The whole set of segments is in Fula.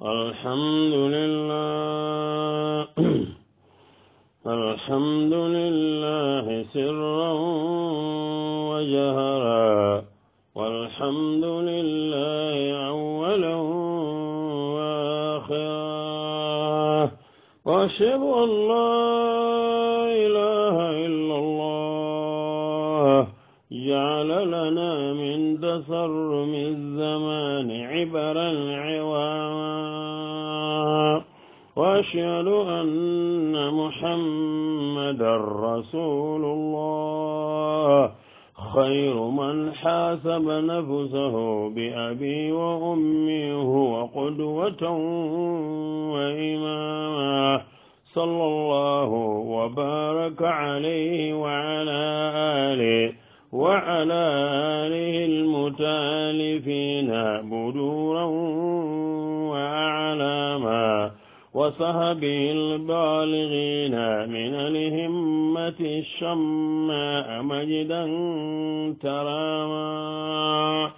الحمد لله الحمد لله سرا وجهرا والحمد لله أولا وآخرا وأشهد أن لا إله إلا الله جعل لنا من تسرم عن عبر العوام وأشهد أن محمد رسول الله خير من حاسب نفسه بأبي وأمي هو قدوة وإماما صلى الله وبارك عليه وعلى آله وعلى آله المتالفين بدورا وأعلاما وصهب البالغين من الهمة الشماء مجدا تراما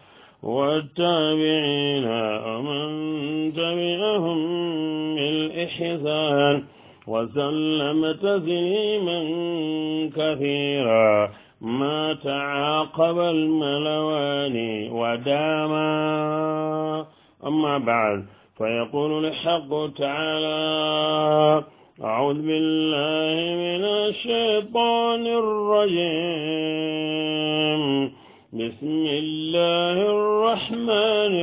والتابعين ومن تبعهم بالإحسان وسلم تسليما كثيرا ما تعاقب الملوان وداما أما بعد فيقول الحق تعالى أعوذ بالله من الشيطان الرجيم بسم الله الرحمن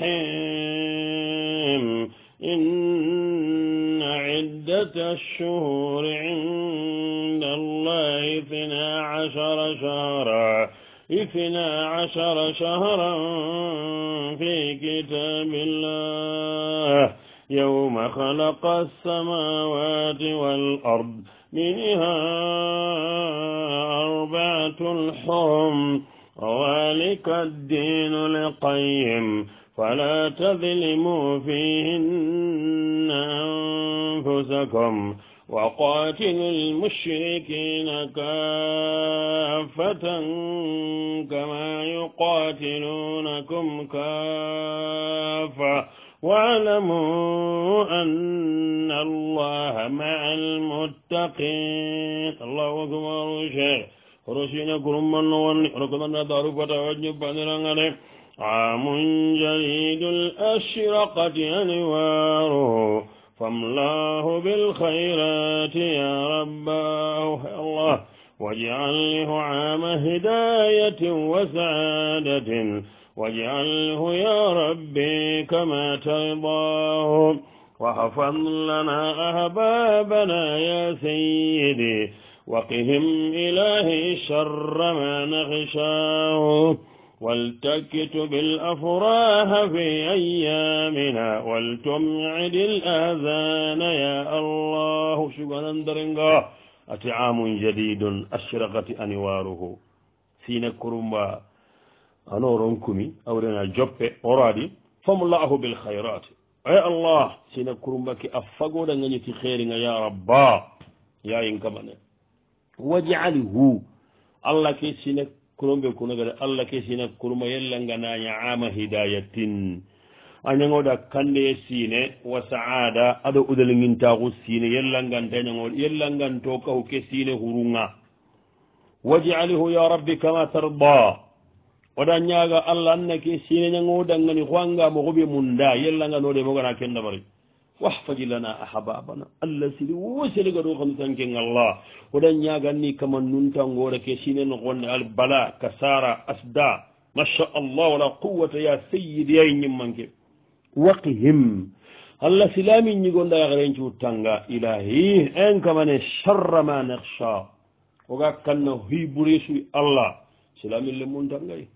الرحيم إن عدة الشهور عند عشر شهرا اثنا عشر شهرا في كتاب الله يوم خلق السماوات والأرض منها أربعة الحرم ذلك الدين القيم فلا تظلموا فيهن أنفسكم وقاتلوا المشركين كافة كما يقاتلونكم كافة واعلموا أن الله مع المتقين الله أكبر شيخ رسينا كرما نواني ركضنا تعرفة وجب أن عام جديد الأشرقة أنواره فاملاه بالخيرات يا رباه الله واجعله عام هداية وسعادة واجعله يا ربي كما ترضاه وحفظ لنا أهبابنا يا سيدي وقهم إلهي شر ما نخشاه والتكت بالأفراه في أيامنا والتمعد الآذان يا الله شكرا درنغا أتعام جديد أشرقت أنواره سين كرمبا أنورنكمي أورنا جبة أرادي الله بالخيرات يا الله سين كرمبا كي أفقو لنجي خيرنا يا ربا يا إنكمان وجعله الله كي سينك kurombe kuno gada allah kesina kurma yellangana ñaama hidayatin a ñagoɗa kande ye sine wa saada aɗa udelngintaku sine yellanganta ñagoɗo yellanganto kahu ke sine hurunga wajalehu ya rabbi kama tarda oɗa ñaga allah anna ke sine ñagoɗangani hoanga mo hoɓe mum da yellanganoɗe mogana kendabari wahfaji lana ahababana allah sili woselega ɗo kam sanke allah oɗan ñaganni kama nuntangoore ke sinen gonde albala kasara asda masha allah wala quwata ya seyidi ay ñimmanke waqihim allah silamin ñigonda yakrencu tanga ilahi en kamane sharra ma nahsha oga kanna hiburesuy allah silamin lemmuntangay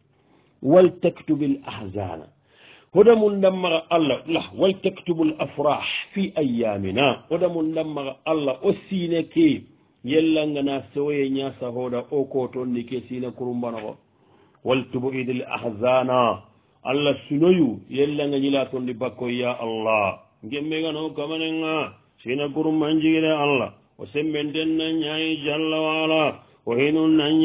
waltaktubil ahzana من دمر الله لا ولتكتب الأفراح في أيامنا من دمر الله يلا يلنغنا سوي ناسا او كوتون لكي سينا كرمبانا ولتبعد الأحزان الله سنويو يلنغ نلاتون لبكو يا الله جمعنا كمانا سينا كرم منجي الله وسمنتنا نعي جل وعلا وهنو نعي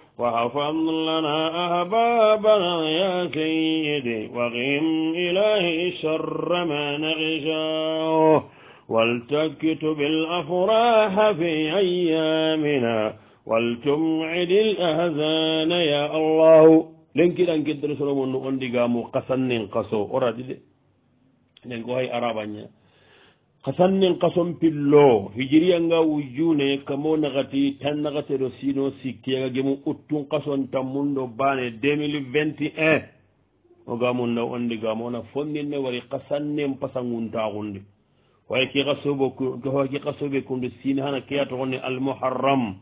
وحفظلنا أهبابنا يا سيدي وغم إلهي شر ما نغشاه والتكت بالأفراح في أيامنا والتمعد الأهزان يا الله لنكي لنكي درسلم أن أندقام قصن قصو أرادي لنكو هاي أرابانيا kasannin kason pillo hijiriyanga wujune kamo nagati tan nagate do sino sikkiyaga gemu uttun kason tammundo bane 2021 o gamunna ondi gamona fonninne wari kasannin pasanguntagundi waya ki kasoɓeki kasoɓe kundi sine hana keyatogonni almuharram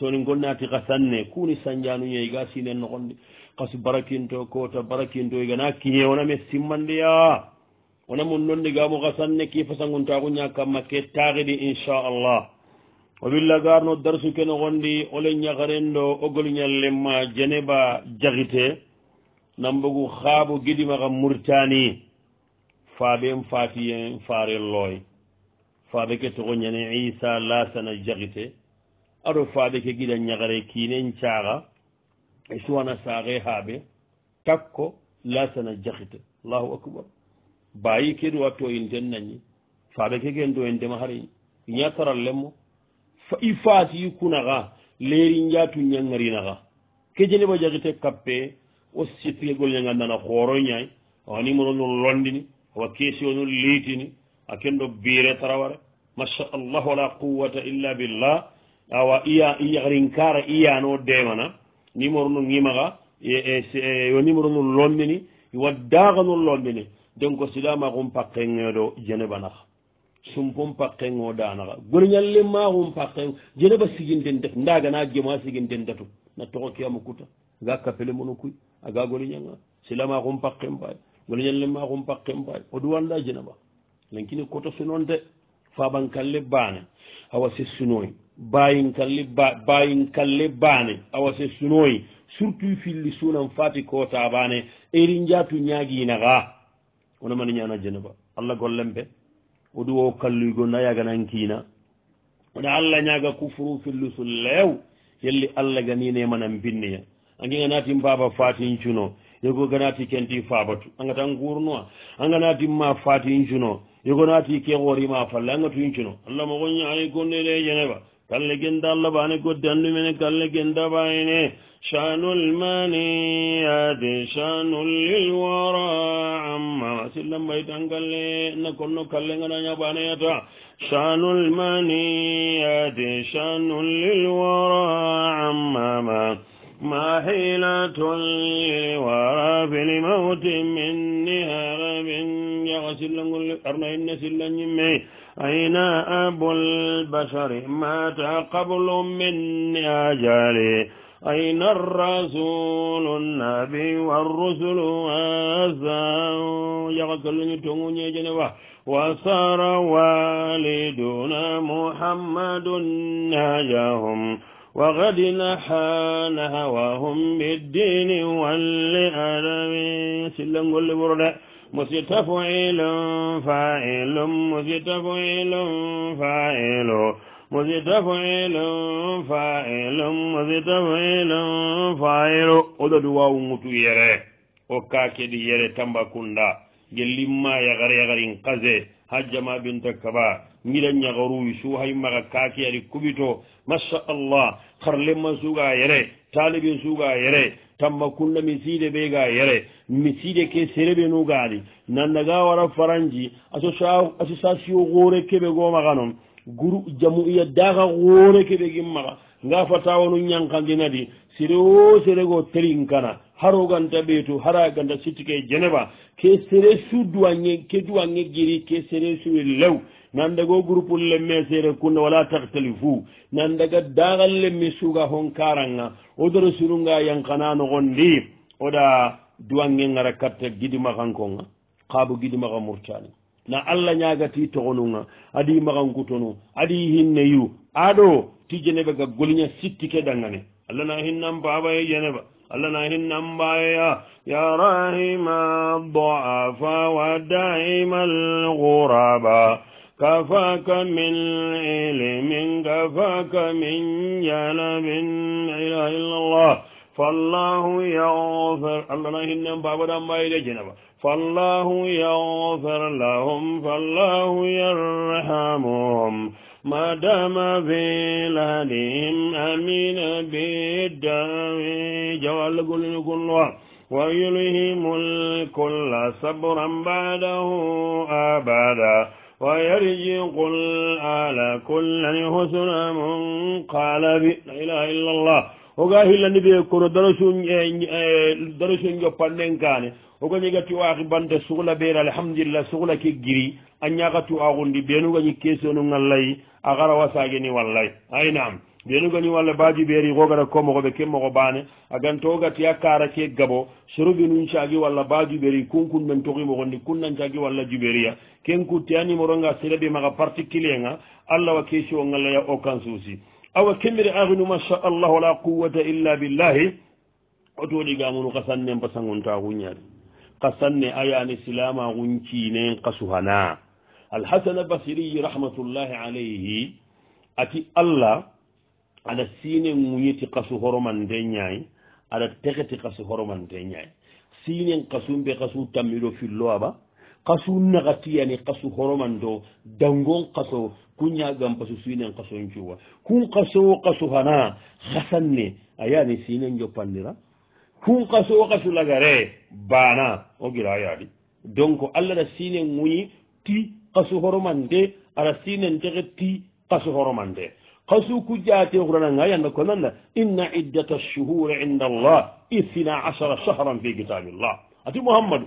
soni gonnati kasanne kuni sanjanuye iga sinennogondi kasu barakinto kota barakinto igana kiyewoname simmandiya wona mon nonni gamo hasanne kifasanguntagu ñakamma ke taxidi inchallah o ɓilla garno darsu kene gondi ole ñakarenɗo ogolñallema jeneba jaxite nambogu xaabo gidimaxa murtani faɓen fatiyen fare looy faɓe ke toxo ñane isa lasana jaxite aɗo faɓe ke giɗa ñakare kinen caxa e suwana saxe haɓe takko lasana jaxite allahu acbar bayi kedu watto in den nañi faɓe keken do en dema hari ñakaral lemmo fa i faati kunaxa leri njatu ñangarinaxa ke jeneba jaxite kappe wo sittike gol ñangandana xooro ñay awani mononu londini awa kesionu liitini a ken ɗo biire taraware masha allah wala quwata illa billah awa iya yaxarinkara iyano demana numéro nu ngimaxa e, e, e, yo numéro nu londini wa daaxanu londini donc silamaxun paqqengeɗo jenebanax sumpun paqqengo danaxa goriñallemaxun paqqen jeneba siginten datu ndagana jema siginten datu na toxo kiyamu kuta aga kapele munu kuy aga goriñanga silamaxun paqqen paay goriñallemaxun paqqen paay o duwanda jeneba lankini koto sinonte fabankalle bane awa se sunoy bayinkalle bayinkalle bane awa se sunoy surtout filli sunan fati kota bane erin jatu ñaginaxa wona mani ñana jene ba allah gollem ɓe woɗu o kalluygo nayaganan kiina woɗa allah ñaga kufru fillusu lew yelli allah ganine manan binniya angi ganati mbaba fatin cuno yogo ganati kenti fabatu angatan gurnoa anganatimma fatin cuno yogonati ke worima falle angatuin cuno allah mogoñaay gonnele jene ba galle genda allah bane godde andumene galle genda bayine shanul maniyade shanul lilwara amma wasillam baytan galle na konno kalle ganaña baneyata shanul maniyade shanul lilwara ammama ma hilatun lilwara filimautin min niharamin ya wasillam gulle arna inne sillan ñimmey أين أب البشر مات قبل من أجالي أين الرسول النبي والرسل وأزاو يغسل نتوني جنوة وصار والدنا محمد ناجاهم وغد نحان هواهم بالدين واللأدم سلم قل برده مستفعل فاعل مستفعل فاعل مستفعل فاعل مستفعل فاعل اودد واو موتو يره اوكاكي دي يره تامبا كوندا جليما يغري يغرين قزه حجما بنت كبا ميلا نغرو يسو هاي مغا كاكي يري كوبيتو ما شاء الله خرلما سوغا يره taalibe suga yere tamma kulla miside ɓe ga yere miside ke sereɓe nugani nannaga wara faranji association gore keɓe gomaga non gru jamuiya daka gore keɓe gimmaga nga fatawanu ñankandinadi sere o serego trinkana haroganta ɓeeto haraganta sittike geneva ke sere suduwae ke duwae giri ke sere suri e lew nandaga groupe lemme sere kunde wala tartali fou nandaga dagal lemme suga hon karanga odoro surunga yankana nogondi oda duwange gara katta gidimakankonga kaabo gidimaka murtani na allah ñagati togonunga adi makankutonu adi hinneyu aɗo ti geneve ga goliña sittike dangane اللنا هنم بابا يجنبا اللنا هنم بايا يا راهما الضعفا ودائما الغرابا كفاك من علم كفاك من جنب إلى الله فالله يغفر اللنا هنم بابا دم بايا يجنبا فالله يغفر لهم فالله يرحمهم madama welanim amina be dawe jaw allah gollini gonnowa wa yulhimul kulla sabran badahu abada wa yarjiqul ala kullan husna munqalabi la ilaha illa allah hoga hillani ɓe kono darasu e, e, darasu joppanɗen kane hoga ñiga tu aki bante sukla ɓeyr alhamdulillah sukla ki giri a ñaka tu akundi ɓenugañi kesonungallayi a gara wasageni wallay aynam ɓenugani walla baji ɓeeri kogata komogoɓe kemmogo bane a ganta ogatiya kara ke gabo sorobinun cagi walla baju ɓeeri kunkun men tokimogondi kunnan cagi walla juɓeeriya ken kutteya numoronga sereɓe maga particulier nga allah wa kesio ngallaya aucan souci awa kemmbiri aginu machallahu la quwata illa billahi o tooɗigamunu ka sanne mbasagonta huñaari ka sanne ayani silama huñciinen kasuhana alhasane basiriyi rahmatullahi alayhi ati allah aɗa siine ŋuñiti kasu horomante ñaayi aɗa tekheti kasu horomante ñaayi siinen kasumbe kasu tammiɗo filloaɓa قصو نغتي يعني قصو خرمندو دنغون قصو كنيا غام قصو سينن قصو انجوا كون قصو قصو هنا خسنني أيادي سينن جو بانيرا كون قصو قصو لغاري بانا اوغيرا يادي دونكو الله دا سينن موي تي قصو خرمندي على سينن تغتي قصو خرمندي قصو كجاتي غرانا غايا نكونن ان عده الشهور عند الله إثنا عشر شهرا في كتاب الله ati muhammadu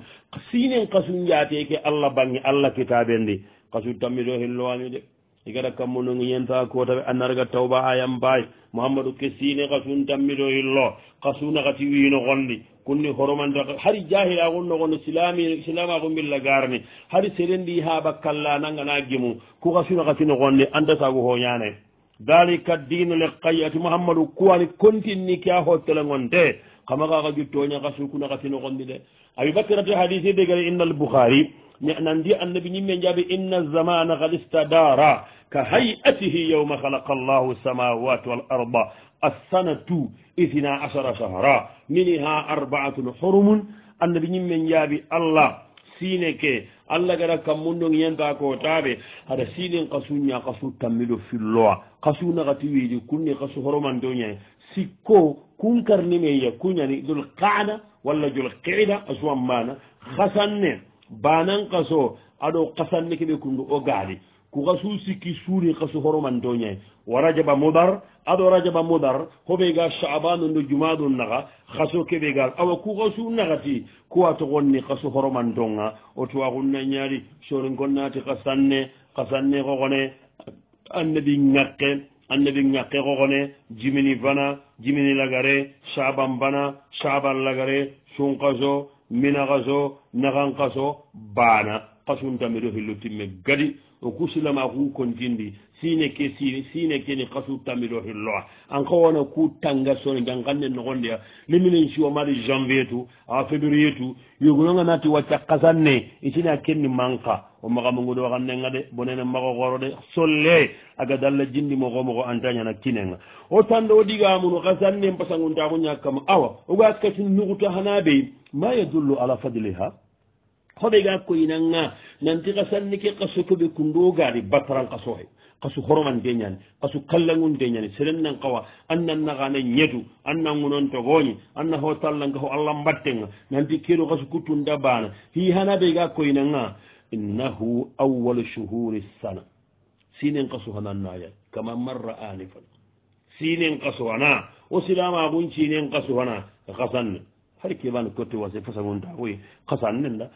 siinen kasun yaateke allah bange allah kitaɓe nde kasu tammi ɗo helloami de igara kammunoyenta kotaɓe annarga tawba ayam bay muhammadu ke siine kasun tammi ɗo hillo kasunakati wino gonɗi kunni horomanta hari jahila gonnogono silami silama ko billa garani hari serendi ha bakkalla nangana gimu ko kasuna kasino gonɗi andatago hoñanayi dalika dinole kayi ati muhammadu kuwani kontinni ke a hottela gon de kama ga gi tonya ga suku na katino gondi de abi bakra to hadisi be gari innal bukhari ni anandi annabi nyimme njabe inna zamana qad istadara ka hay'atihi yawma khalaqa Allahu samawati wal arda as-sanatu ithna ashara shahra minha arba'atun hurum annabi nyimme njabe Allah sine ke allah gara kammundo ñanta ko taɓe haɗa sinen kasuña kasu tammiɗo fillowa kasunakati wiidi kunni kasu horomanto ñayi sikko kunkarnimeye kuñani dul qaada walla jul qiida a suwan mana hasanne banan kaso aɗo kasanne keɓe kundu o gaali ku kasu sikki suuni kasu horomantoñayi wa rajaba mudar aɗo rajaba mudar hoɓe ga shabanu ndo juma ɗum naga kaso keɓe gaal awa ku kasu nagati kuwa togonni kasu horomantonga o tuwa kunna ñaari sorin gonnati kasanne kasanne kogone annabi ngakke annabi ŋakke xoxone jimini bana jimini lagare saban bana saban lagare sunkaso minaxaso naxanxaso baana xasuntamido hillu timme gadi o ku silama ku kontindi sine ke sine ke ni xasu tamido hilloa an xawona ku tanga soni jan xanne noxondiya leminen siwomadi janvier tu awa février tu yogunonga nati wacca xasan ne itina kenni manqa o maxamugudo xan nenga de bonene maxoxoro de solle a gadalla jindimo xomoxo antañana kinenga o tanda o ɗigamunu xa sannen pasangontaxu ñak kama awa oga kati nuxuta xana ɓey ma yadullu ala fadliha xoɓe ga koyinanga nanti xa sanni ke xa sokoɓe cundo gaadi batran xa soxe xasu xoroman te ñani xasu kallangun te ñani seren nan qawa an nanna xane ñetu an nangunon togooñi an na xo tallanga xo allah mbattenga nanti kedo xasu cuttunda baana hi xana ɓe ga koyinanga innahu awwalu shuhuri sana sinin kaso hana naya kama marra anifan sinin kaso hana o silama gun sinin kaso hana kasan har ke ban kotu wase fasa mun ta wai kasan nan da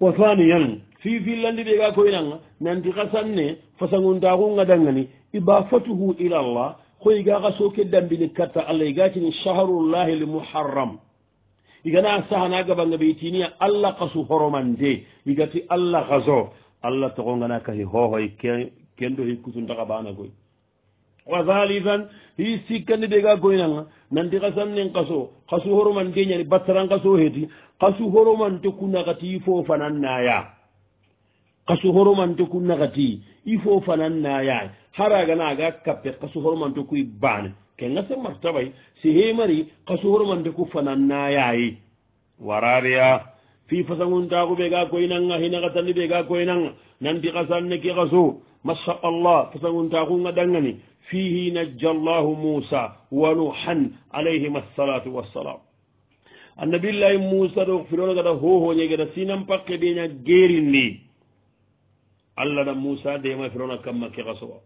wa thaniyan fi filan di ga ko inan nan di kasan ne fasa mun ta gun ga dangani ibafatuhu ila allah ko iga kaso ke dambi ni kata allah iga tin shahrullahi al muharram igana sahana gabanga ɓeytiniya allah kasu horomande igati allah kaso allah togongana kahi hohoy kendo hikkusundaka banagoy wa halihan hi sikkandi ɓega goynanga nanti kasan nen kaso kasu horomande ñani battaran kaso heeti kasu horomante kunakati fofanan naya kasu horomante kunakati ifofanan naya haragana aga kappe kasu horomante kuy bane kengase martabay si hemari kasuhurmande kufanan nayayi warariya fi fasanguntaku ɓe ga koynanga hina katanni ɓe ga koynanga nanti kasanne ki kasu masha allah fasanguntakunga dangani fihi najja llahu musa wa nuhan alayhim assalatu wassalam annabillahi musa ɗo filola gata hohoñe geta sinan pakke ɓeña gerinni allah ɗa musa dema filona kamma ki kasuwa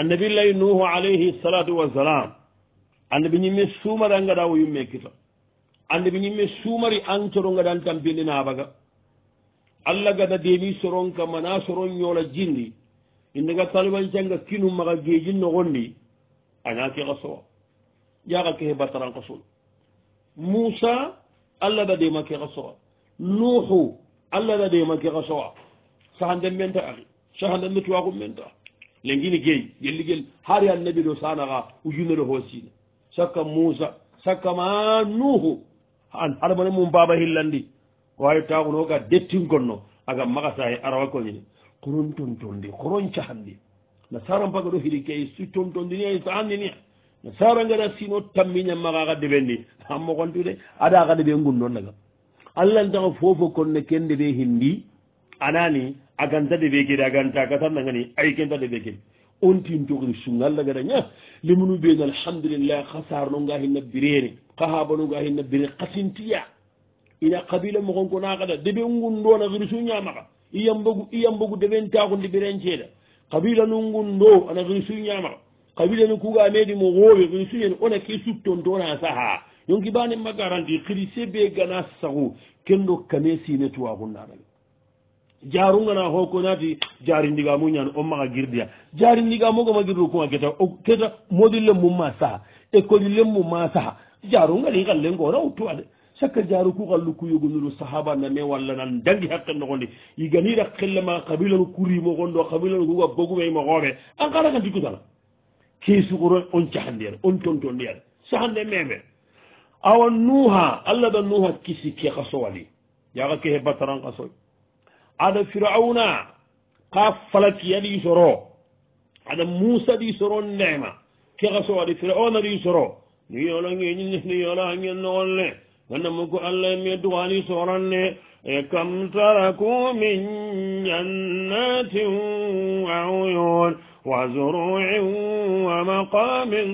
annabi lay nuhu alayhi salatu wasalam annabi ñimme suumarangaɗa wo yumme kita annabi ñimme suumari ancoro ngaɗan tan bindinabaga allah gada deemi soron ka mana soron ñoola jindi indaga talibancanga kinu maga geji nogondi aña kexa sowa yaga kexe bartaranka sol musa allah da deema kexa sowa nuhu allah da deema kexa sowa sahanden men ta axi sahanden me tuwagu men ta ne gini gey yelligel har ye annabi ɗo sanaga ujunere ho sina sakka moussa sakka ma nuhu an harmane mum baba hillandi o hay taguno ga dettingonno aga magasa he arawal koñini koron tontondi koron cahandi na sara mbaga ɗo hiɗi key su tontondini e sahanni ni na sara ngara sino tamminam maga ga deɓenni hammo gontude aɗa ga deɓe gunnon naga allahntaga fofo konne kendeɓe hindi anani a ganta deɓe kedi a ganta kata nangani ay kenta deɓe kedi on tin togri sungalla gada ña limunu ɓen alhamdulillah xa sarno nga hinna birene xa habano nga hinna birene xa sintiya ina kabila moxon ko naxada deɓe ngundona xirisu ñamaxa iyambogu iyambogu deɓentagundi birenceeda kabila nu ngundo ana xirisu ñamaxa kabila nu kuga medi mo xoowe xirisu ñene ona ke suttontona saha yonki ɓane ma garanti xirise ɓe gana saxu kendo kame sine tuwaxunnaɗaga jaarungana hoko naati jaarindiga muñaan o maxa girdiya jaarindiga mogoma girdu kuma keta keta modille mumma saha ecolille mumma saha jaarungali xalle ngoora utuwa de chaque jaaru ku xa lukku yogonuru sahaba na me wallanan dangi xaqe noxondi yiganira xellema xabilanu kurimoxondo xabilanu kuga bogumeimoxoɓe an xaragantikutana kesuxuro on caxandiyane on tontondiyane saxande meme awa nuha allah da nuha kisi ke xa sowali yaxa kexe batara n xa soy ada firauna qafalat yadi soro ada musa di soro nema ke so aɗa firauna di soro ni yola ngi ni ni yola hangen noolle gandamo ko allah mi duwani soranne e kam taraku min jannatin wa uyun wa zuruin wa maqamin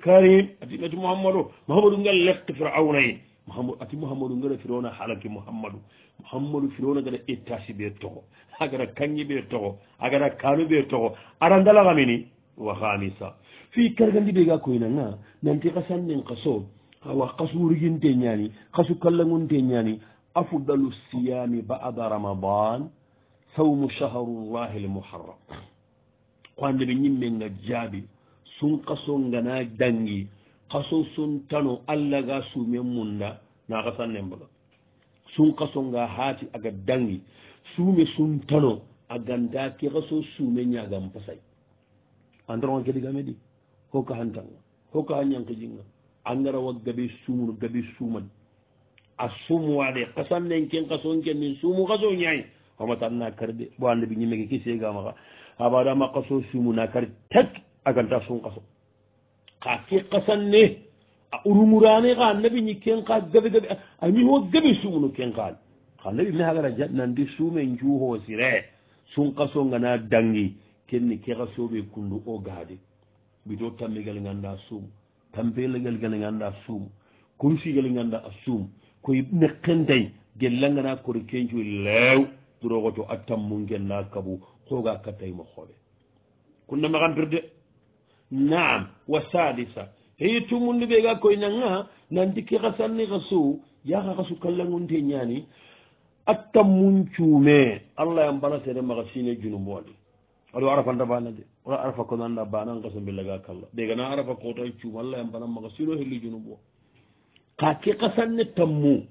karim ati ati mouhammadou mahamadou ngal lefte firauna en mahamad ati mouhammadou ngara firawna haalake mouhammadou hammadu firona gara étage ɓe toxo a gara kanñi ɓe toxo a gara kanu ɓe toxo ara ndalaxamini waxamisa fi kargandi ɓe ga koynanga nanti xa sannen xaso awa xasuriginte ñani xasu kallangunte ñani afudalu siyami baada ramadan sawmu chahru llahi almuharam koande ɓe ñimmenga jaabi sun xaso ngana dangi xaso sun tano allah ga sumen munda naxa sannen mbolo sun kasonga hati aga dangi sume sun tano aganda ke kaso sume ñagan pasay andoronga kedi gamedi hoka hantanga hoka ha ñankijinga angara wa gabe sumunu gabe suman a sumu de kasan nen ken kaso ken nin sumu kaso ñayi na karde bo annabi ñimmeke kisegamaxa ma kaso sumuna kar tek ganda sun kaso ka ke kasan ne a urumurane xa nabi ñi kenkal gabe gabe ami wo gabe sumunu kenkal xa nabi me hagara jannandi sume njuuho sire sunkaso ngana dangi kenni kexa soɓe kundu o gaadi mbito tammigal ganda sum tampelegal gal ganda sum kumsigal ganda a sum koy nekkentay gella ngana kori kencuy leew durooxoto a tammungenna kabu xooga kattay ma xoɓe kunna maxan pirde naam wa sadisa heyi tumundu ɓe ga koye nanga nanti ke hasanni hasu yaha hasu kallagunte ñani attammun cuume allah yam banatene maga sine junumbo adi aɗo arafanta bana de ora arafa ko nanda bana n gaso mbillaga kalla ɓegana arafa kota cuuma allah yam bana maga sino helli junumbo ka ke hasanne tammu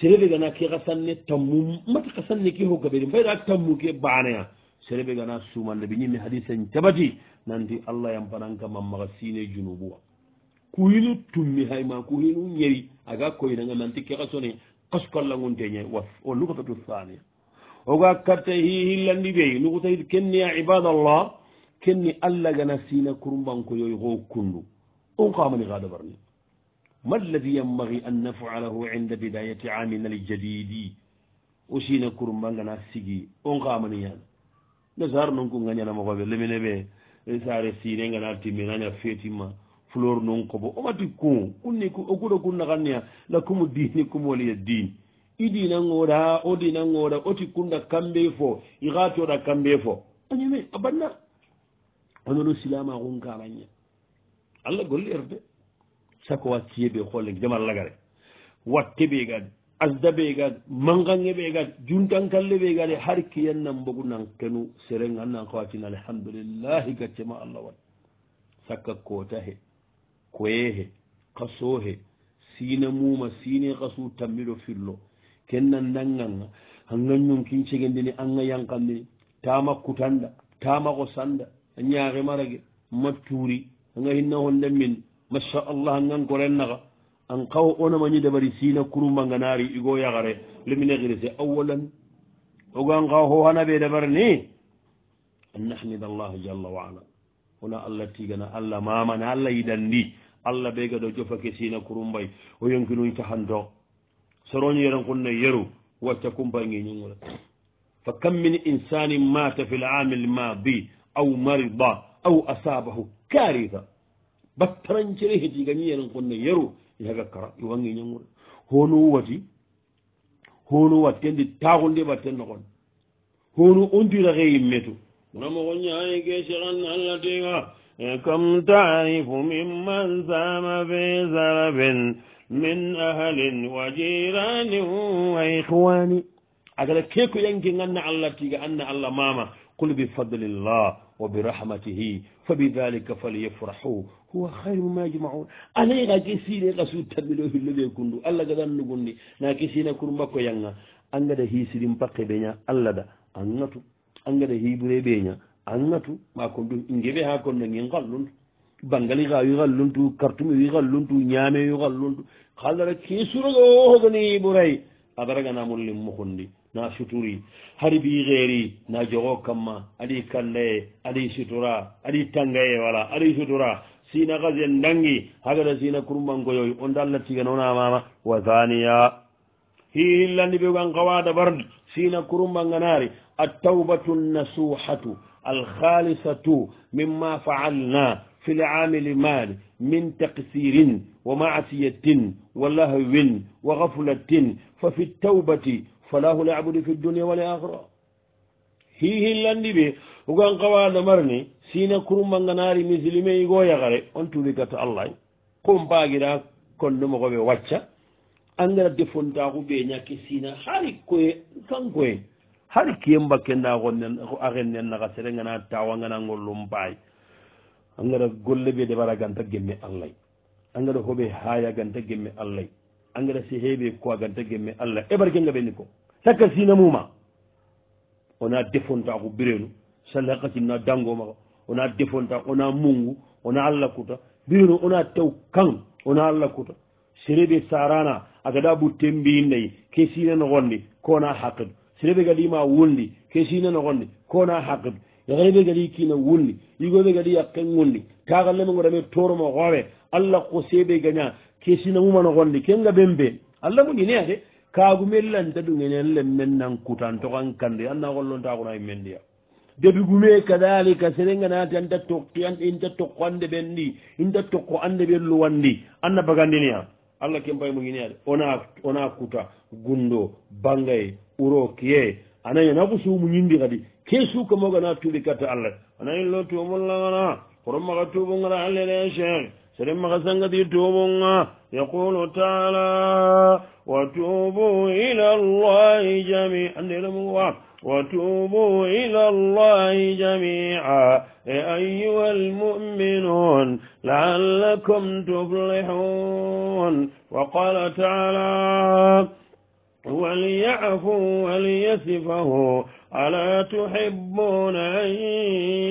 sereɓe gana ke hasanne tammu mata hasanne ke hokkaɓeri mbayda tammu ke banaya sereɓe gana sumannabi ñimmi hadise en jabati nanti allah yam bananka mammaga sine junubuwa kuyilu tummi hayma kuyilu ñeri aga koyinanga nanti kexa soni kaskallangunteñe wa o nuka fetu sani oga karte hihillandi ɓey nukutay kenni a ibadallah kenni allah gana sina kurumbankoyoy xo kundu on xamani xa dabarni ma alladi yanbagi an nafalahu inda bidayati amina aljadidi o sina kurumban gana sigi on xamaniyan nasar nonkunga ñana moxoɓe lemine ɓe e sare sine ngana timmina ña fetimma fuloor noon ko bo omati kon unni o kuɗo kunnakanniya lakumu dini kumwaliya dini idinangooɗa o dinangooɗa oti kunna kamɓe fo ihatoɗa kamɓe fo añame a banna onono silama kun kalanña allah gollerde sako wattiyeɓe holle jam allah gade watteɓe gad asda ɓe gad mangange ɓe gad juntankalle ɓe gade har kiyannan mbogu nan kenu sere annan kawatin alhamdulillahi gaccema allah wat sakka kotahe koyehe kasohe sina muma sine kasu tammiɗo fillo kennan nangganga hangannyon kincegendini anga yankandini tama kutanda tama ko sanda ñaahe marage mattuuri anga hinna honde min masha allah hangan korennaka an kawo onamañi dabari sina kurumbanga naari igo yakare lemine xirise awalan ogo an kawo hohanaɓe dabarni an nahmid allah jalla wa ala wona allah tigana allah mamana allah yidandi allah ɓe gaɗo jofake sina kurumbay o yonkinuñ tahando soroñi yeran kunne yeru wacca kumbayngi ñugure fa kam min insanin mata fi l ami l madi aw marida aw asabahu karida battarancere heedi gañi yeran kunne yeru yaga kara iwangi ñugure honu wati honu wattendi taakundi batten nokon honu ondiraxe yimmetu namoxoñaayi ke sekan allatiga كم تعرف ممن سام في سرف من أهل وجيران وإخوان أقل كيك ينكي أن الله تيك أن الله ماما قل بفضل الله وبرحمته فبذلك فليفرحوا هو خير مما يجمعون ألي غا كسيني غسو تبلوه الذي كنت ألا قدن نقولني نا كسيني كن بك ينغ أنغد هي سيدي مبقي بينا ألا دا أنغتو أنغد هي بري بينا annatu ma kon ɗum ingeɓe ha kon nangin kalluntu bangali kawi kalluntu kartume wi kalluntu ñaame wi kalluntu kalara ke suroga o hogani ɓuray adaraganamon limmukundi na suturi hari bi xeeri na jogo kamma aɗi kallaye aɗi sutura aɗi tangaye wala aɗi sutura sina kase ndangi hagada sina kurumbankoyoy ondalla tiganonamama wahaniya hiillandi ɓegan kawa dabarde sina kurumbanganari a tawbatu nasuhatu alhalisatu mima faalna fi lcamili mal min taksirin wa masiyatin wa lahwin wa gaflatin fa fi ltawbati falahu labudi fi dunia waliakhira hihi landi ɓe ugan kawadamarni sina kurumbanganari musilime igo yakare on tubikata allah kon mbagira kondemogoɓe wacca angara defontaku ɓe ñakke sina hari koye kankoye har kiyembakke ndaaxoaren nen naxa serengana tawangana ngollum paay a ngara golle ɓe ɗeɓara ganta gemme allahy a ngara hoɓe haya ganta gemme allahy a ngara seheɓe koa ganta gemme allah eɓarkenga ɓenni ko sakka sina muma ona defonta ku birenu salaka simna dangomaxa ona defonta ona mungu ona allah kuta birenu ona tew kan ona allah kuta sereɓe sarana a gada ɓutte mbiinnayi ke sina noxondi kona haqid serebe gadi ma wulli ke sina nogondi kona haqib yaxeɓe gadi kina wulli yigoɓe gadi yakke gundi kaxallemegoɗame toromo xoɓe allah ko seɓe gaña ke sinamuma nogondi kenga ɓen be allah muƴine ake kagume lanta ɗugene lemmen nan kutan toxan kandi anna xollontaxunai e mendiya debigume kadalika serenganati anta toqi inta toqo andeɓendi inta toqo andeɓe luwandi anna bagandiniya allah kempay mo guineade ona ona kuta gundo bangay uro kiye anayi ona ko suumu ñindi kadi ke suuka moga na tuuɓi katta allah anayi lo tuumon lagana koro maxa tuubongara allede cheikh sere maxa sangati tuubonga yaqulu taala wa tuubu ila llahi jamia andelemuwa wa tuubu ila llahi jamia يا أيها المؤمنون لعلكم تفلحون وقال تعالى وليعفوا وليسفه ألا تحبون أن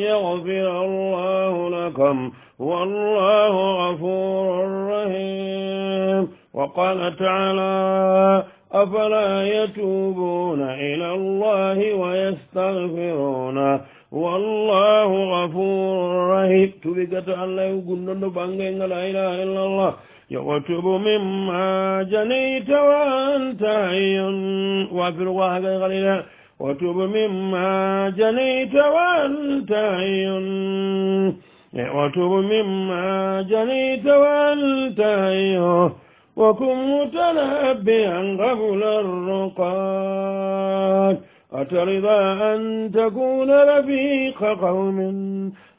يغفر الله لكم والله غفور رحيم وقال تعالى أفلا يتوبون إلى الله ويستغفرونه wallahu gafuru rahim tubigata allah yo e gunno no bangge nga la ilaha illa llah yotubu mimma janayta wa anta hayyun wafiru wa haga galila wotubu mimma janayta wa anta hayyun wotubu mimma janayta wa anta hayyun wa kum mutanabbiyan qabla arruqat أترضى أن تكون رفيق قوم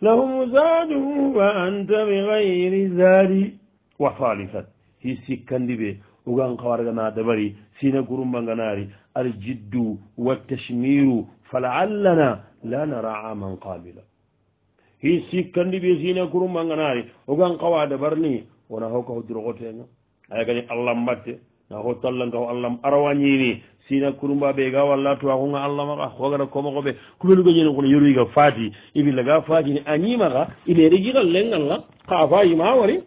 لهم زاد وأنت بغير زاد وخالفة هي سكندبي وغان قوارغنا دبري سينا قرم بنغناري الجد والتشمير فلعلنا لا نرى عاما قابلا هي سكندبي سينا قرم بنغناري وغان قوار دبرني ونهوكه درغوتين أيكني الله مبتي نهو تلنكه الله أروانيني sina kurumbaɓe ga walla tuwakunga allah maga hogata komogoɓe kuɓelugoñeni kono yeruyga faati ibilla ga faatini añimaga iɓere jiga lengalla ka fayima wari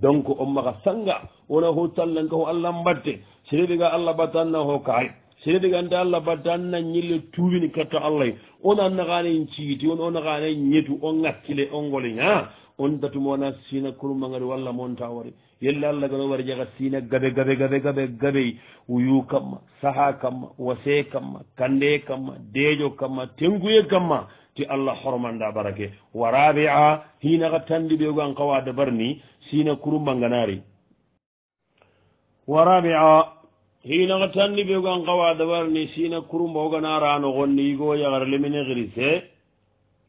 donc on maga sanga wona ho tallanka ho allah mbatte sereɓe ga allah batta anna ho kaay sereɓe gande allah batta anna ñille tuwini katta allahy on annakane en ciiti on onakane en ñetu on ngakkile on ngoliña on datumona sina kurumba gari walla montawari yelle allah gaɗo wara jaga sina gaɓe gaɓe gaɓe gaɓe gaɓey uyu kamma saaha kamma wase kamma kande kamma deejo kamma tenguye kamma ti allah hormanda barake wa rabia hinaka tandi ɓeygo an kawa dabarni sina kurumba nganari wa rabia hinaka tandi ɓeygo an kawa dabarni sina kurumba oganaranogonni yigo yagar lemine xiri se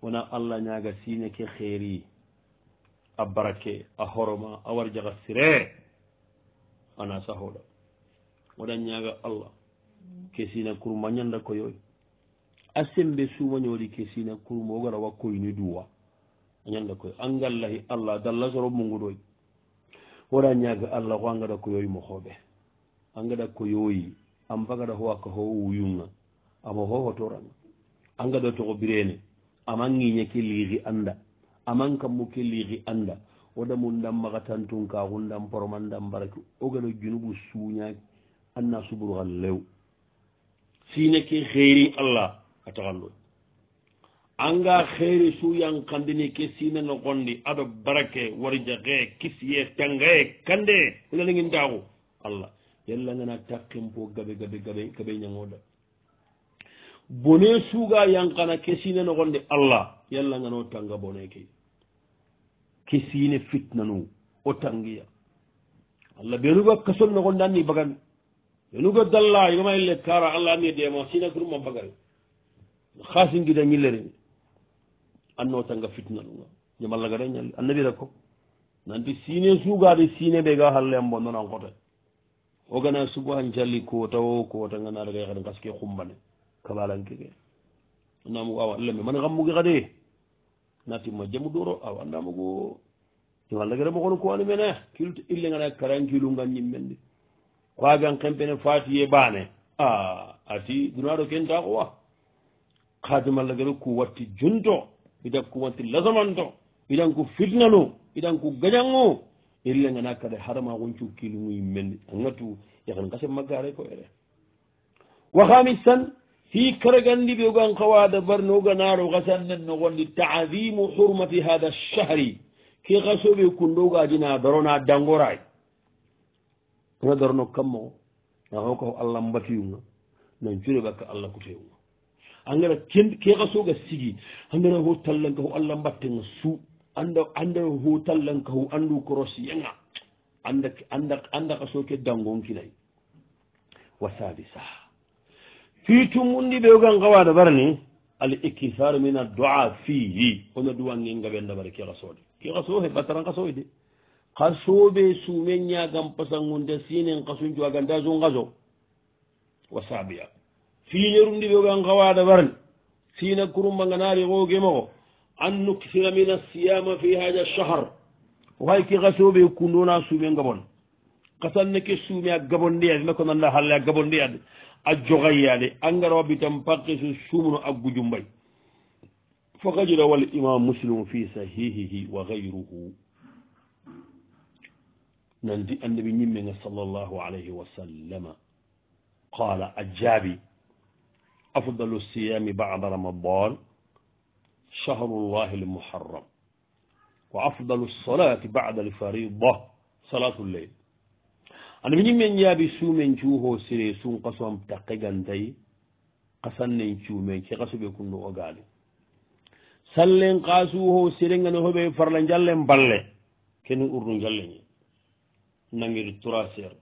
wona allah ñaga sina ke xeeri a barake a horoma a warjaka sire ana sahoɗa waɗan ñaga allah kesina kurma ñanda koyoy a sembe sumañoɗi kesina kurma o gara wa koyni duwa a ñanda koy an gallahi allah dalla soro muguɗoy waɗa ñaga allah ko angaɗa koyoy mo hoɓe angaɗa koyoyi an bagaɗa ho aka ho wuyunga ama hohotoranga angaɗa toxo birene ama giña ke liixi anda aman kam mo kelliki anda wodamum dam magatantun kaxum dam poroman dam baraki ogano junubu suñaki anna suburuxan lew sine ke xeeri allah a taxan loy anga xeeri suyankandini ke sine noxondi ado barake warjaxe kisye tangaye kande wulalingin taxu allah yallangana takkinpo gabe gabe gabe gabe ñangoda bone suga yankana ke sine noxondi allah yallangano tanga bone ke kesiine fitna nu o tangiya allah ɓenugo kason nogon danni bagan ɓenugo dalla yomayle kara allah ani e dema sinakurma bagare haasingida ñillere anno tanga fitna nuga jamallagada ñalle annabira ko nanti siine suugade siine ɓe ga halle an bonnon an kota ogana subahan calli kowotawo kowotanganaragaa kaske xumbane kabalankeke namugawa lemme man xammuge xade natimo jamu duro aw andama ko timallagiremo kono kowani mene kilto illegana karan kilungan ñimmendi kwagan kempene fatiye baane a ati dunaɗo kenta ko wa kadimallagere ku watti junto idan ku watti lasamanto idan ku fitnano idan ku gañango illegana kade harama goncu kilungu yimmendi angatu yakan gasen maggare ko ere wa hamisan fi karaganndi ɓe ogan kawaada barno oganaaro gasan nen no gonndi taadimu hurmati hada chahri ke gasoɓe kundogaji na darona dangoray ana darono kammao nako ko allah mbatiyuga nan cure bakka allah kutoyuga angara ke gasoga sigi andara ho tallankaho allah mbattega suu anda andara ho tallankaho andu korosiyenga anda anda anda gasoke dangonkinayi wasabi saha fii tumundi ɓe ogan gawaada barani al ictifaru min addoa fihi ono duwange gaɓenda bare kiasoode kiasoohe battaran kasoyde kasoɓe suume ñagam pasangunde sinen kasuncu aganta sun kaso wa sabiya fiñerundi ɓe ogan gawaada barani sina kurumba nganaari koogemoko an nuktira min asiyama fi haja shahar way ki kasoɓe kundona suume gabon kasanneke suume a gabondeyade nako nanda halle a gabondeyade الجغيالي jogayyade angarawa bitan pakkisu أبو جنبي فقد روى الإمام مسلم في صحيحه وغيره نندي النبي نمنا صلى الله عليه وسلم قال أجابي أفضل الصيام بعد رمضان شهر الله المحرم وأفضل الصلاة بعد الفريضة صلاة الليل anamini min yaabi suumen cuuho sire sum kasoam takke gantayi kasannen cuumen ke kasoɓe kunno ogaali sallen kaasuho sire ngani hoɓe farla jallen balle keni urnu jalleñi nangiri trois sere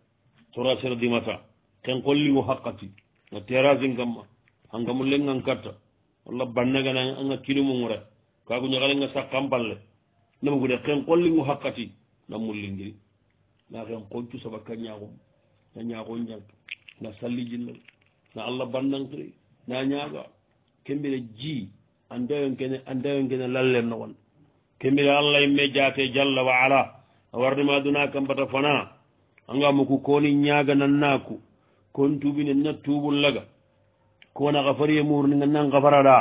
trois sere dimata ken kolligo hakkati a terasin kamma hankamu lengan katta walla bannagana anga kinumumure kaku ñakalenga sakkan balle namagude ken kolligo hakkati nammullingiri na ken koncu sabakka ñaagom na ñaagon jank na salli jinnal na allah bandankiri na ñaaga kembire ji andayonkene andayonkene lallen no won kembire allah imme jaate jalla wa ala a warnima duna kambata fana angama ko koni ñaaga nannaku kon tubine na tubol laga kona kafariye muurni ganna kafarada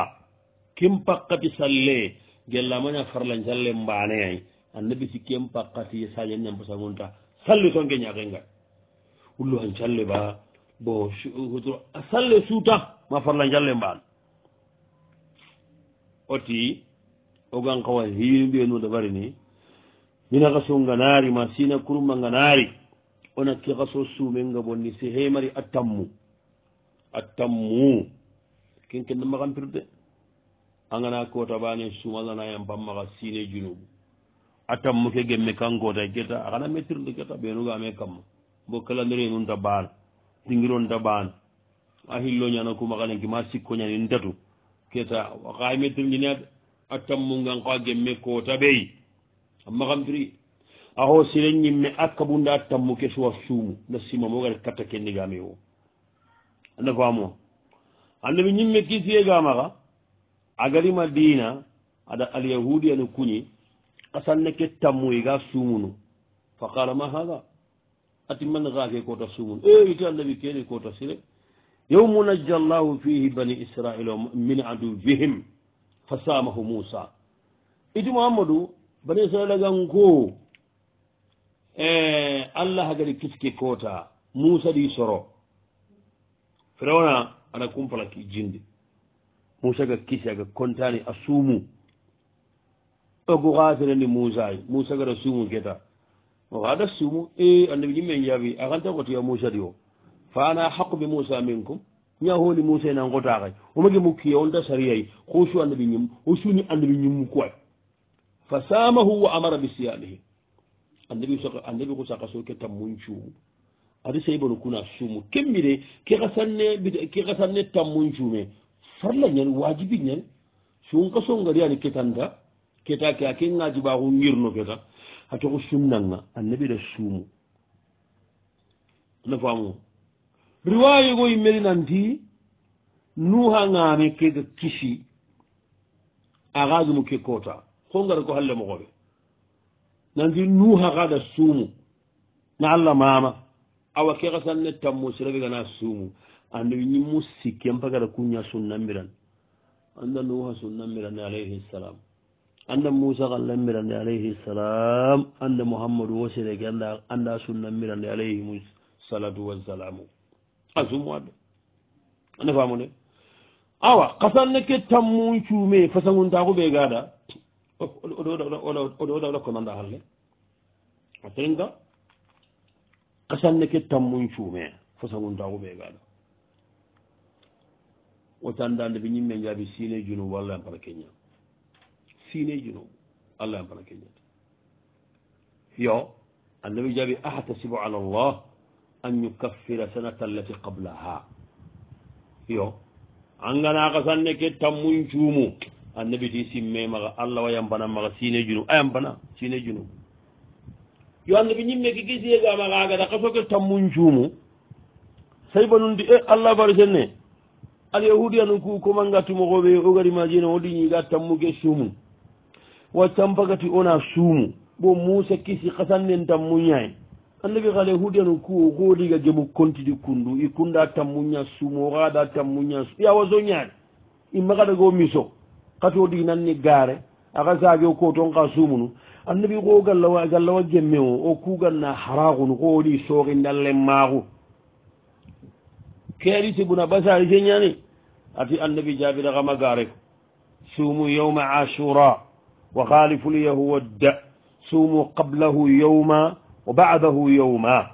kim pakkati salle gellamaña farlan salle mbaane ay annabi si kem pakkati sañennen posagunta salle son geña ke ngal ullu han calle ba bo salle suuta ma farla jalle mbaan oti o gan kawa hiri mbiye nuda bari ni mina kaso nganaari ma sina kurumma nganaari ona ke kaso suumen nga bonni si hemari attammu attammu kenkendemakan pirde a ngana kotabane suumaganayam pammaka sine junubu a tammu ke gemme kankota geta a xana maitrede geta ɓenugame kamma bo kala ndereenunta ɓaan tingironta ɓaan a xilloñana kuma xalenki ma sikkoñani ndatu keta xa maitre ñine a tammungan xa gemme koota ɓey amma xamtiri axo sine ñimme a kabunda a tammu ke suwa suumu nda simamogar katta kendigame wo anda famoa annabi ñimme kiisiyegamaxa a garima diina aɗa alyahudi ani kuñi asanneke tammu iga sumunu faqala ma haga ati man gake kota sumunu e iti allabi kene kota sire yawmu najja llahu fihi bani israil min aduvihim fasamahu musa iti muhammadu bani israil aganko e allah hagadi kiske kota musa di soro firawna ada kumpala ki jindi musa ga kisi aga kontani asumu ogu xaasirani musay musa gara sumu keta oxaada sumu e anabi ñimme njaɓi axanta xotiya musa di o fana xaqu be musa minkum ña hooli musa na ngotaxe omage mukkiye onta sariyay xusu anabi ñim osuni anabi ñimmu kuway fa samahu wa amara be siyamihi anabi anabi xu saqa so keta muncumu adi sayibonu kuna sumu kembire ke xasanne ke xasanne tammuncume farla ñen wajibi ñen sunka songariani ketanta keta ke a kengaji ɓaaku girno keta a coxo sumnanga annabi da suumu na faamu riwayi go yimmeri nanti nuha ngaame kega kisi agaagimu ke koota ko ngara ko halle moxoɓe nanti nuha ga da suumu na allah mama awa ke xasanne tammo sirabe gana suumu annabi ñimmu sikken pagata kuña sunnanmbiran anda nuha sunnanmbirane alayhi salam annda musa kan lammirande alayhi salam annda mouhammadu wosereke anda annda sunna mirande alayhimu salatu wassalamu a sumoaɓe ane famu de awa kasanne ke tammun cuume fasaguntaku ɓe gaada oɗo oɗa ɗokkonanda halle a teringa kasanne ke tammun cuume fasaguntaku ɓe gaada wotandande ɓe ñimme jaabi sine junu wallayan par keñan siineji noon allah yam bana keñata yo annabi jaabi ahtasibu ala allah an yukaffira sanata allati qablaha yo anganaka sanne ke tammun cuumu annabi ti simme maga allah wayam bana maga siineji num ayam bana siineji num yo annabi ñimme ke gisiyega maga agata kasoke tammun cuumu saybanundi e eh, allah bari senne al yahudi anu ku komangatumogoɓe ogari madina o ɗiñiga tammuge cuumum waccampagati ona suumu bo muusa kisi kasannen tan muñay annabi hale huɗenu ku hooliga gemu kontiɗi kundu i kunda tan muña suumu oxaada tan muña su yawa soñaare i maxadago miso xato ɗi nanni gaare axa saage ko ton xa suumunu annabi xo gallawa gallawa gemme o o kuganna haraxunu xo oɗi sooxindallen maaxu ke aɗi sibuna ɓasaari señaane ati annabi jaabira xama gaare suumu yawma ashura wa khalifu lyahu wadd sumu qablahu yawma wa badahu yawma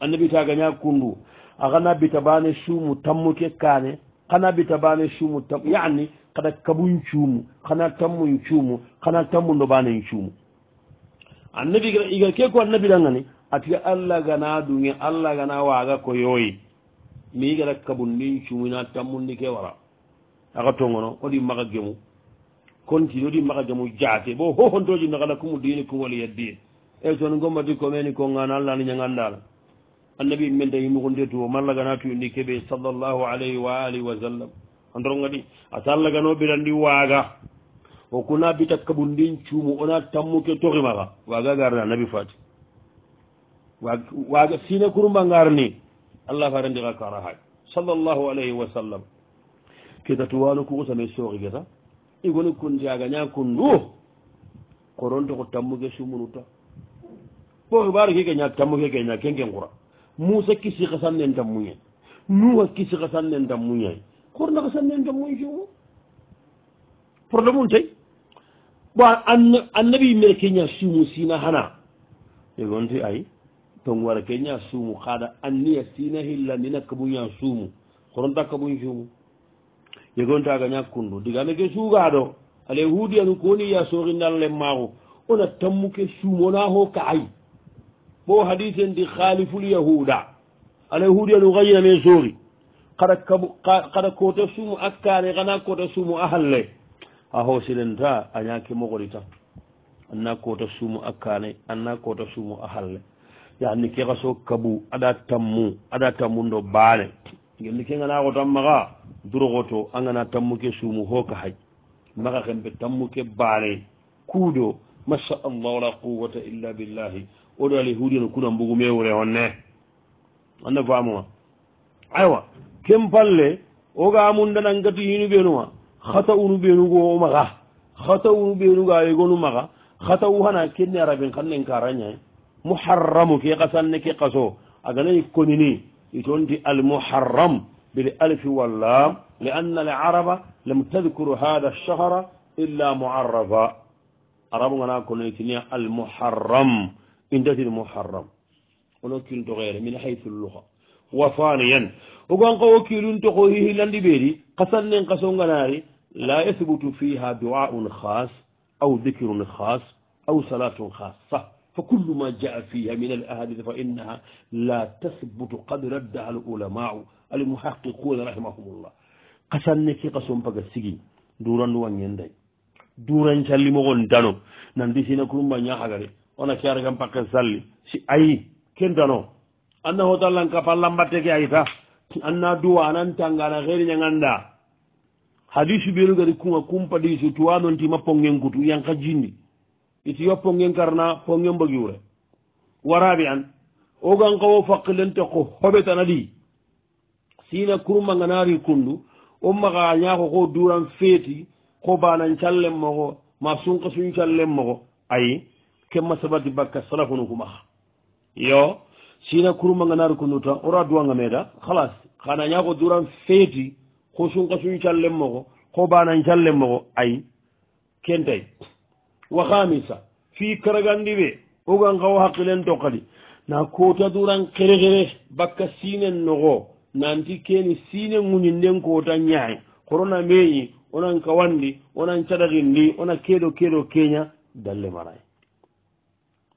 annabi taganya kundu akana bita bane sumu tammu ke kane kana bita bane sumu tam yani kada kabun cumu kana tammu cumu kana tammu ndo bane cumu annabi iga ke ko annabi dangani ati allah gana dunge allah gana waga ko yoyi mi gara kabun din cumu na tammu ndike wara aka tongono odi maga gemu kontino ɗi maka jamu jaate bo hohontoji nakala kumu dine kum waliya diye ey toon gommati komeni kongana allah ni ñaganndala annabi men tawi mukonde tuo mallagana tuyni keɓe sallllahu alayhi wa alihi wa sallam ondoronga ɗi atallagano ɓiranndi waaga o kuna bita kaɓu ndin cuumu ona tammuke toki maka waaga garani annabi faati waaga sine kurumba garani allah faatandika kara hay sallllahu alayhi wa sallam keta tuwano kuku same sooki geta igoni kunjaganya kundu koronto ko tammuke sumunuta bo hibaru ke keña tammuke keña kenken kura musa kisi kasannen tammuña nuha kisi kasannen tammuña korna kasannen tammuñ sumu problème tay bo annabi mene keña sumu sina hana egonti ay ton wara keña sumu haɗa anniya sina hillandina kabuña sumu koronta kabuñ sumu jegontaga ñakkundu digana ke sugaɗo ale huudiyanu kowoni ya sorinal le maaru ona tammu ke sumona ho kaay bo hadise ndi khaliful yahuda ale huudiyanu xayina me sori xaɗa xaɗa kote sumu a kaane xana kote sumu a halle a hoosilenta a ñake moxoɗita anna kota sumu a kaane anna kota sumu a halle yani ke xa so kabu aɗa tammu aɗa tammu ndo baane ngelli ke ngana xoto an maxa duroxoto a ngana tammu ke suumu hooka xaƴ maxa xembe tammu ke baale kuudo masa allahu la quwata illa billahi o ɗo ali huuɗiyeno kuna mbugume wure on ne anna faamuma aywa kem palle oga mundanangati yinu ɓeenuma xata unu ɓeenugo o maxa xata unu ɓeenuga yegonu maxa xata u xana kenne arabin xan nen kaaraña muharramu ke xasanne ke xaso a ganayi konini يتوندي المحرم بالألف واللام لأن العرب لم تذكر هذا الشهر إلا معرفا انا كنت المحرم إن المحرم ولكن غير من حيث اللغة وثانيا وقال وكيل تقوهيه لاندي بيدي قصن قصن غناري لا يثبت فيها دعاء خاص أو ذكر خاص أو صلاة خاصة fa kullu ma jaa fiha min al ahadith fa innaha la tahbutu qad raddaha al ulamau al muhaqiquna rahimahumullah kasanne ke kasum paga sigi duran wangenday duran calli mogon dano nandi sina kurumba nyahagare ona kiyara gam pakka salli si ayi ken dano anna hota lanka pallambate ke ayita anna duwa anantanga na gheri nyanganda hadisu biru gari kunga kumpa disu tuwano nti mapongengutu yanka jindi iti yo pongen karna pongen bagiwure warabi an ogan kawo fakkilente ko hobetana di sina kurma nganari kundu ummaka nyako ko duran feti ko banan challen mogo ma sunka sun challen mogo ayi kemma sabati bakka salafu nu kuma yo sina kurma nganari kundu ta ora duanga meda khalas kana nyako duran feti ko sunka sun challen mogo ko banan challen mogo ayi kentay wa hamisa fi karagandi ɓe ogan kawo hakkilen tokadi na kota duran kerekere bakka sinen nogo nanti keni sinen ŋuninden kota yahe korona meyi onan kawandi onan cadakindi ona kedo kedo kenya dalle maray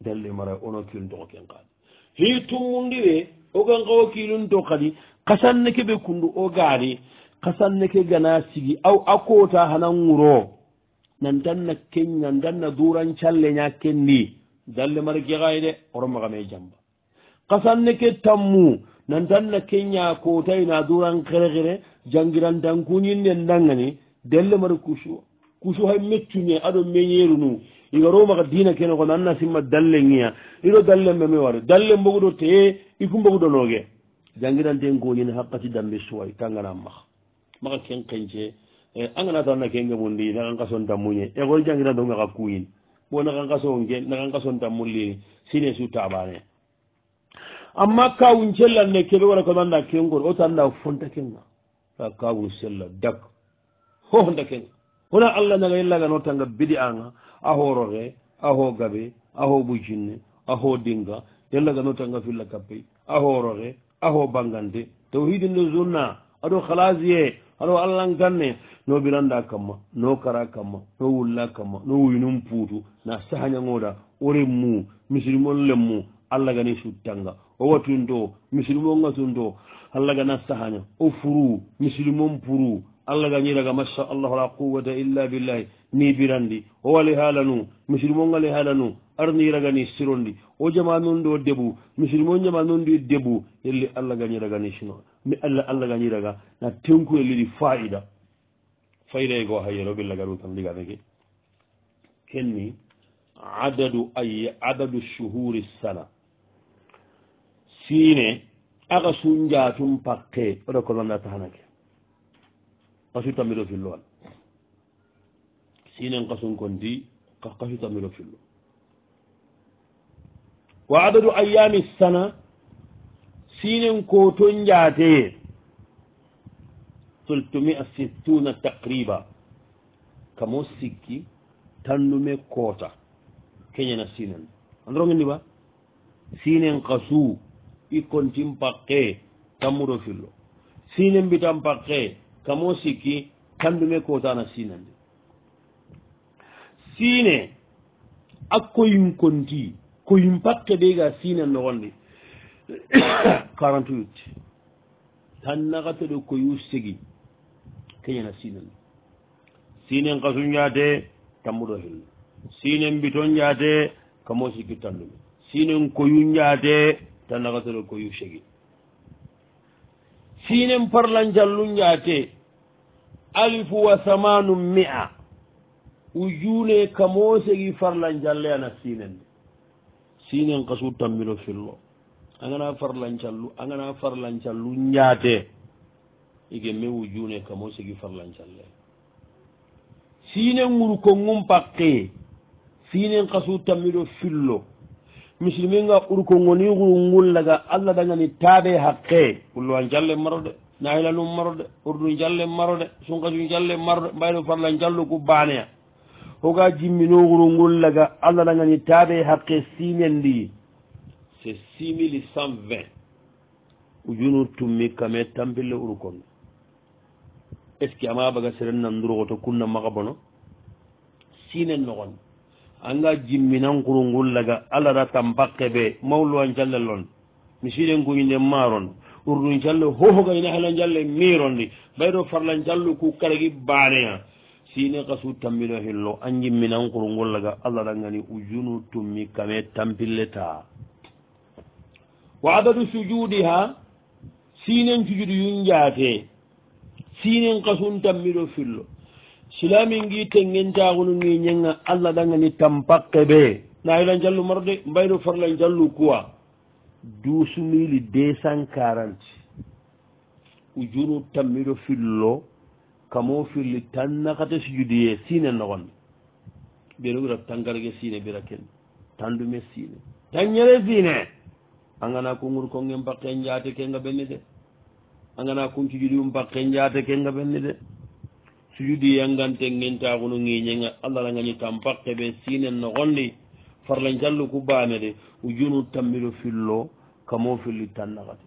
dalle maray ono kilintoko ken kadi hi tumundi ɓe ogan kawo kilinto kadi kasanne keɓe kundu o gaari kasanne ke gana sigi aw a kota hana ŋuro na danna keñ na danna durancalle ña kenndi dalle mara gexaye de oro maxame jamba kasanne ke tammu na danna keña kootay na duran xerexere jangiran dankuñin ne ndangani delle mara kusu kusu hay meccuñe aɗo meñerunu igaro maxa dina kene xo nanna simma dalle ŋiya iɗo dalle meme ware dalle mbogudo te i ku mbogudo nooge jangiranten kuñin haqati dambe suway tangana maxa maxa ken kence Eh, anganatan na kenge mundi naga nkason tammuñe egol eh, jangiranto ngaka kuyin bo naga nkasonke naga nkason tammullini sine su tabane amma kawun cella ne kebe wara komanda kengol o tanda fonta kenga a kawun sella dak hohonta kenga hona allah naga yellaga no tanga bidi anga a horoke a ho gabe a ho bujinne a ho dinga yellaga no tanga filla kappe a horoke a ho bangante tawhidi ne zunna aɗo halasiye aɗo allahnkanne no biranda kamma no kara kamma no wulla kamma no wuyinum puutu na sahañangoda oren mu misirimon len mu allah gani suttanga o watunto misirimon gasunto allah gana sahaña o furu misirimon puru allah gañiraga masha allahu la quwata illa billahi ni birandi o wali haalanu misirimon ali haalanu arniragani sirondi o jamanun ɗo debu misirimon jamanun ɗi debu yelli allah gañiragani sino mi allah allah gañiraga na tenkuyelliɗi fa'ida fayrey goo hayero billa gaɗu tan ligadeke kenni adadu ay adadu suhuri sana siine aga sun jatum pakke oɗo kolanda tahanake kasu tamiro fillo al siinen kasun kondi kasu tamiro fillo wa adadu ayami sana siinen koton jateyen tultumia sittuna taqriba kamo sikki tandume koota keñana sinen androgandiba sinen kasu ikkontin pakke tammuɗo fillo sinen mbitan pakke kamo sikki tandume kootana sinandi sine akkoyin konti koyin pakke de ga sinen nogondi quarante huit tan nagatoɗo koyu segi keñana siinen siinen kasu ñaate tammuɗo hillu siinen mbiton ñaate ka mo sikki tandumi siinen koyu ñaate tannakasoro koyu segi siinen parlancallu ñaate alifu wa samanum mi'a ujune ka mo segi farlancalle ana siinen de siinen kasu tammiɗo fillo a gana farlancallu a gana farlancallu ñaate ige mewu juune kamo sigi farlancalle siinen guru ko gum pakke siinen kasu tammiɗo fillo musilmi ga ɓurko goni guru gul daga allah dagani taaɓe hakke kulluwan jalle marode nahila num marode urdun jalle marode sunkasun jalle marode mbayno farla jallu ku baaneya hoga jimmino guru gul daga allah dagani taaɓe hakke siinen ndi c'est six mille cent vingt ujunu tummi kame tampille urukonde est ce que ama baga seren nanduroxo to kunna maxa bono sine noxon anga jimminankurungun laga ala da tampa keɓe mawluwan calle lon misiden kuñinde maron urdun calle hohoga ina helan calle mirondi ɓayɗo farlan callu ku karegi baneya sine kasu tambino hillo an jimminankurungun laga ala dangani ujunu tummi kame tampilleta wa adadu sujudi ha sinen sujudi yunjate siinin kasun tammiɗo fillo silamin gi tengentagununi ñenga allah ɗangani tampakke ɓe na yilan jallu maro de mbayno farlan jallu quwa duusu mili deux cent quarante ujunu tammiɗo fillo kamo filli tan nakate sujudiye siine nogonde ɓeno wirat tangarge siine ɓira ken tandume siine tan ñere siine angana kongur kongen pakke jaate kenga ɓenne de a gana kuntijudi um pakke jaate kenga ɓenni de sujudi yangante gentakunu ñiñenga allah lagañi tan pakke ɓe sinen noxondi farlancallu ku baame de ujunu tammiro fillo kamo filli tan naxati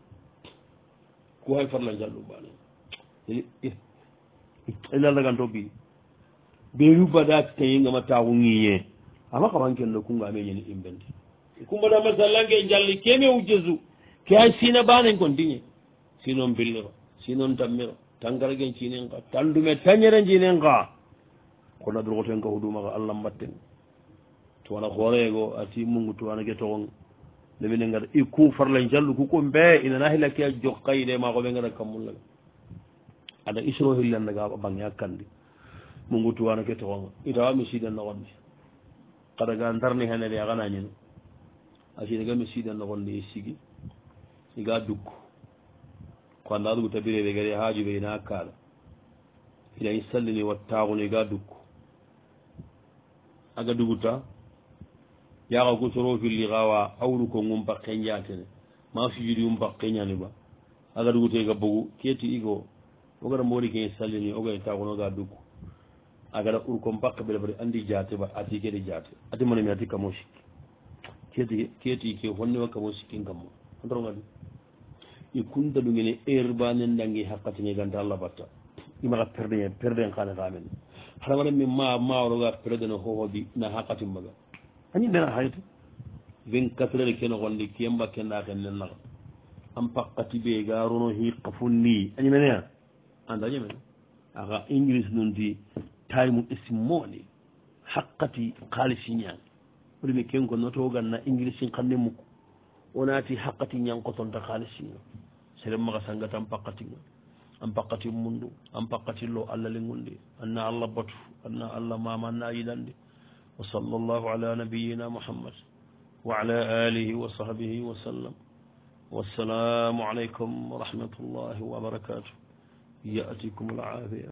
ku hay farlancallu baane ila laganto bi ɓeyu bada teyingama taku ñiñe ama xaman kenno kungame ñeni imbente kumbaɗa masallange jalli keme u jésus ke hay sina baanen continue sinon billiro sinon tammiro tankara gen cinen ka tandume tañere jinen ka kono durgoten ka hudumaka allah mbatten to wona hooreego ati mungu to wana getoon nde mine gata ikku farlen callu ku kum mbe ina na hilakke jokkayide ma ko ɓe gata kammullaga ada isro hillandaga bange hakkandi mungu to wana ketoonga itawa mi sidannogonde kada ga darni henere aganañino a siidaga mi sidannogonde e sigi iga dukko ko annda adugu tabireɓe gari haajuɓe ina hakkaɗa ina i sallini wattaguni ga dukku aga duguta yaaka gusoro filli kawa awru ko gum bakke jatene ma fijudi um bakke ñani ba aga duguta ga bogu keti igo ogara mbori ke i sallini ogani taguno ga dukku agaɗa urkon bakka ɓele bari andi jaate ba ati keɗe jaate atimanami ati kamo sikki keti keti ke honni wa kamo sikkin kammo adorogadi i kunta ɗugene erbanen dangi hakkatine gante allah batta imaka perdee perden kane kamen hara waɗa mi ma maoroga perdene hohodi na hakkatimmaga ani dena hayte vingt quatre heure keno gonde kemba kenda kennen naka an pakkati ɓe ga rono hiqa fo ni añimenea anda ñamene aka inglis nunti taimum esimmoni hakkati kaalisi ñan waɗimi kenko noto ganna inglis sin kanne mukko wonati hakkati ñankotonta haalisiga serem maga sangata an pakkatiga an pakkati mundu an pakkatillo allah legunde anna allah batu anna allah mama anna yiɗande wa sall llahu ala nabiyina mouhammad wa ala alihi wa sahbihi wa sallam wassalamu aleykum wa rahmatullahi wa barakatuh yatikum alafia